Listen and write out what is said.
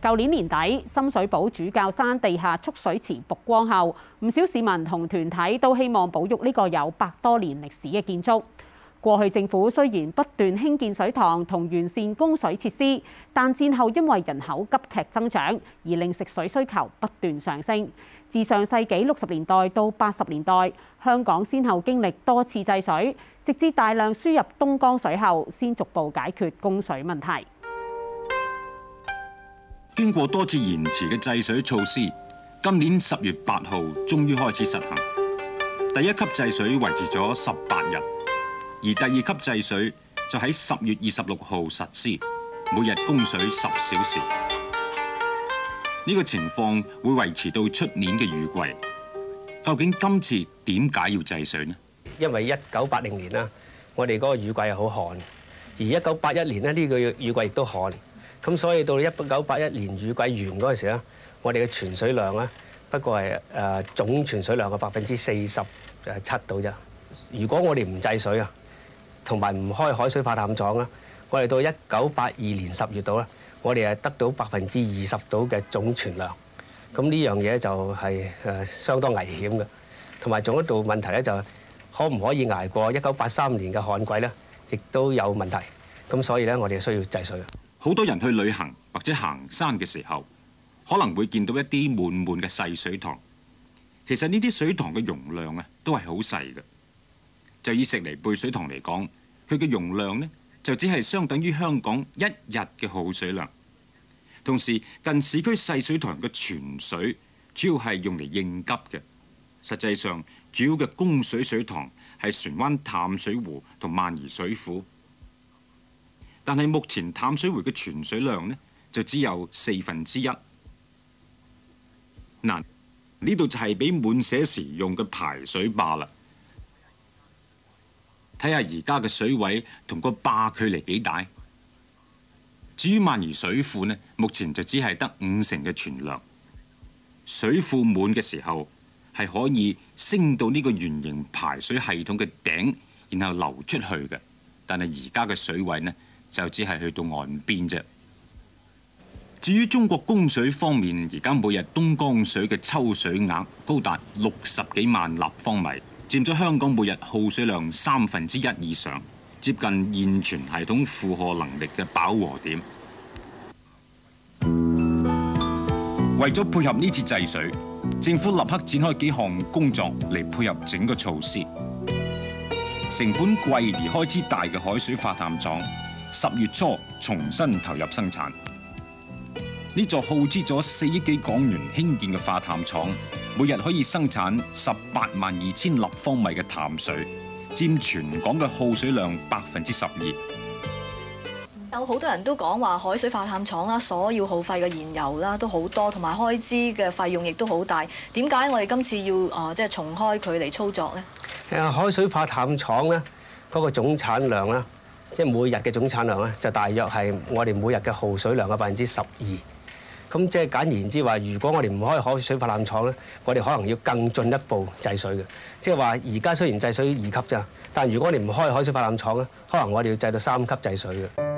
舊年年底深水埗主教山地下蓄水池曝光後，唔少市民同團體都希望保育呢個有百多年歷史的建築。過去政府雖然不斷興建水塘同完善供水設施，但戰後因為人口急劇增長而令食水需求不斷上升。自上世紀經過多次延遲嘅制水措施，今年十月八號終於開始實行第一級制水，維持咗十八日，而第二級制水就喺十月二十六號實施，每日供水十小時。呢個情況會維持到出年嘅雨季。究竟今次點解要制水呢？因為一九八零年啦，我哋嗰個雨季好旱，而一九八一年咧呢個雨季亦都旱。咁所以到一九八一年雨季完嗰陣時咧，我哋嘅存水量咧不過係誒總存水量嘅百分之四十誒七度啫。如果我哋唔制水啊，同埋唔開海水化淡廠啊，我哋到一九八二年十月度咧，我哋係得到百分之二十度嘅總存量。咁呢樣嘢就係誒相當危險嘅，同埋仲一度問題咧就係可唔可以挨過一九八三年嘅旱季咧，亦都有問題。咁所以咧，我哋需要制水啊。好多人去旅行或者行山嘅時候，可能會見到一啲滿滿嘅細水塘。其實呢啲水塘嘅容量啊，都係好細嘅。就以石梨貝水塘嚟講，佢嘅容量咧就只係相等於香港一日嘅耗水量。同時，近市區細水塘嘅存水主要係用嚟應急嘅。實際上，主要嘅供水水塘係船灣淡水湖同萬宜水庫。但係目前淡水湖嘅存水量呢，就只有四分之一。嗱，呢度就係俾滿瀉時用嘅排水壩啦。睇下而家嘅水位同個壩距離幾大。至於萬宜水庫呢，目前就只係得五成嘅存量。水庫滿嘅時候係可以升到呢個圓形排水系統嘅頂，然後流出去嘅。但係而家嘅水位呢？就只係去到岸邊啫。至於中國供水方面，而家每日東江水嘅抽水額高達六十幾萬立方米，佔咗香港每日耗水量三分之一以上，接近現存系統負荷能力嘅飽和點。為咗配合呢次制水，政府立刻展開幾項工作嚟配合整個措施。成本貴而開支大嘅海水化淡廠。十月初重新投入生產。呢座耗資咗四億幾港元興建嘅化淡廠，每日可以生產十八萬二千立方米嘅淡水，佔全港嘅耗水量百分之十二。有好多人都講話海水化淡廠啦，所要耗費嘅燃油啦都好多，同埋開支嘅費用亦都好大。點解我哋今次要啊即係重開佢嚟操作呢？誒，海水化淡廠咧嗰個總產量啦。即係每日嘅總產量咧，就大約係我哋每日嘅耗水量嘅百分之十二。咁即係簡而言之話，如果我哋唔開海水發電廠咧，我哋可能要更進一步制水嘅。即係話，而家雖然制水二級咋，但如果你唔開海水發電廠咧，可能我哋要製到三級制水嘅。